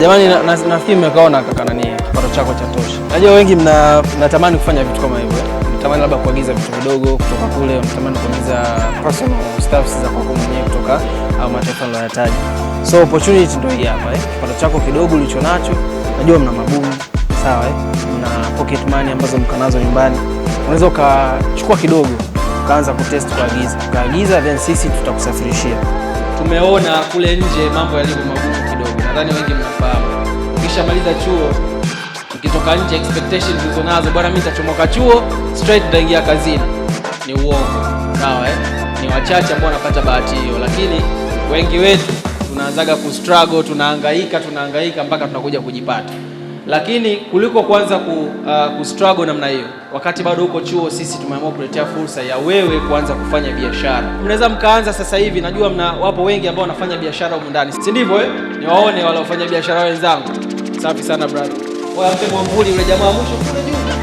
Jamani, nafikiri mmekaona kaka nani, kipato chako cha tosha. Najua wengi mnatamani kufanya vitu kama hivyo, mnatamani labda kuagiza vitu vidogo kutoka kule, mnatamani kuagiza personal stuffs za kwako mwenyewe kutoka au mataifa unayotaji. So opportunity ndio hii hapa eh, kipato chako kidogo ulicho nacho, najua mna mabumu sawa eh, mna pocket money ambazo mkanazo nyumbani, unaweza ukachukua kidogo ukaanza kutest kuagiza, ukaagiza then sisi tutakusafirishia. Tumeona kule nje mambo yalivyo nadhani wengi mnafahamu. Ukishamaliza chuo ukitoka nje, expectation nazo bwana, mimi nitachomoka chuo straight ndaingia kazini, ni uongo. Sawa eh? Ni wachache ambao wanapata bahati hiyo, lakini wengi wetu tunaanzaga kustruggle, tunahangaika tunahangaika mpaka tunakuja kujipata lakini kuliko kuanza ku, uh, kustruggle namna hiyo wakati bado uko chuo, sisi tumeamua kuletea fursa ya wewe kuanza kufanya biashara. Mnaweza mkaanza sasa hivi, najua mna wapo wengi ambao wanafanya biashara huko ndani, si ndivyo eh? Niwaone wale wafanya biashara wenzangu. Safi sana brother. Wape mwambuli yule jamaa mwisho kule juu.